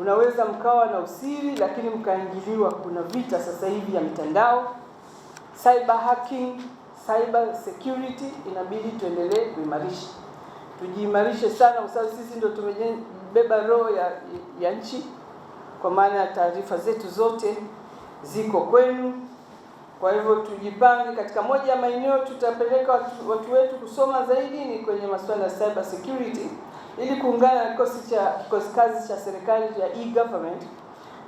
unaweza mkawa na usiri lakini mkaingiliwa. Kuna vita sasa hivi ya mitandao, cyber hacking, cyber security, inabidi tuendelee kuimarisha, tujiimarishe sana, kwa sababu sisi ndio tumebeba roho ya, ya nchi, kwa maana ya taarifa zetu zote ziko kwenu. Kwa hivyo tujipange, katika moja ya maeneo tutapeleka watu, watu wetu kusoma zaidi ni kwenye masuala ya cyber security ili kuungana na kikosi cha kikosi kazi cha serikali ya e-government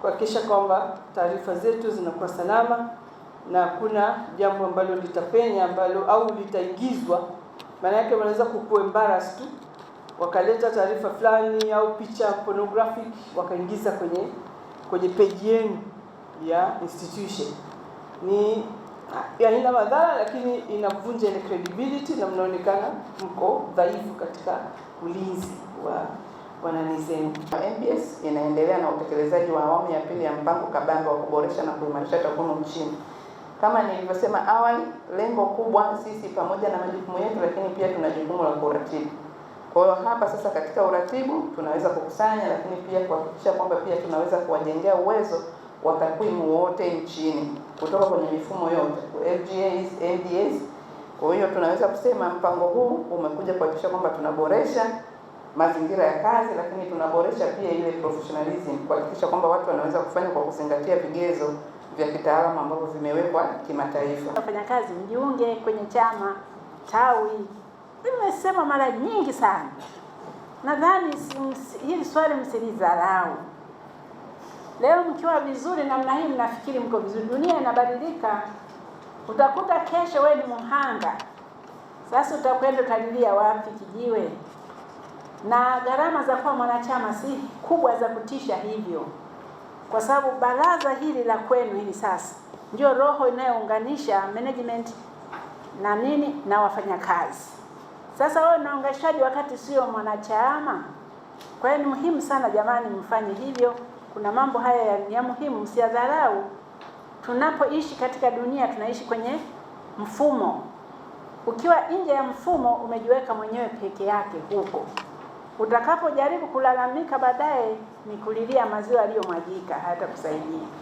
kuhakikisha kwamba taarifa zetu zinakuwa salama na kuna jambo ambalo litapenya ambalo au litaingizwa. Maana yake wanaweza kuku tu wakaleta taarifa fulani au picha pornographic wakaingiza kwenye kwenye peji yenu ya institution ni ya haina madhara, lakini inavunja ile credibility na mnaonekana mko dhaifu katika ulinzi wa wanani zenu. NBS inaendelea na utekelezaji wa awamu ya pili ya mpango kabambe wa kuboresha na kuimarisha takwimu nchini. Kama nilivyosema awali, lengo kubwa sisi pamoja na majukumu yetu, lakini pia tuna jukumu la kuratibu. Kwa hiyo hapa sasa, katika uratibu tunaweza kukusanya, lakini pia kuhakikisha kwamba pia tunaweza kuwajengea uwezo wa takwimu wote nchini kutoka kwenye mifumo yote FGAs, MDAs. Kwa hiyo tunaweza kusema mpango huu umekuja kuhakikisha kwamba tunaboresha mazingira ya kazi, lakini tunaboresha pia ile professionalism, kuhakikisha kwamba watu wanaweza kufanya kwa kuzingatia vigezo vya kitaalamu ambavyo vimewekwa kimataifa. Wafanyakazi mjiunge kwenye chama tawi, nimesema mara nyingi sana, nadhani hili swali msilidharau. Leo mkiwa vizuri namna hii, mnafikiri mko vizuri. Dunia inabadilika, utakuta kesho wewe ni mhanga. Sasa utakwenda utalilia wapi kijiwe? Na gharama za kuwa mwanachama si kubwa za kutisha hivyo, kwa sababu baraza hili la kwenu hili sasa ndio roho inayounganisha management na nini na wafanyakazi. Sasa wewe unaunganishaji wakati sio mwanachama? Kwa hiyo ni muhimu sana jamani, mfanye hivyo kuna mambo haya ya ya muhimu, msiadharau. Tunapoishi katika dunia, tunaishi kwenye mfumo. Ukiwa nje ya mfumo, umejiweka mwenyewe peke yake huko. Utakapojaribu kulalamika, baadaye ni kulilia maziwa yaliyomwagika, hata kusaidia.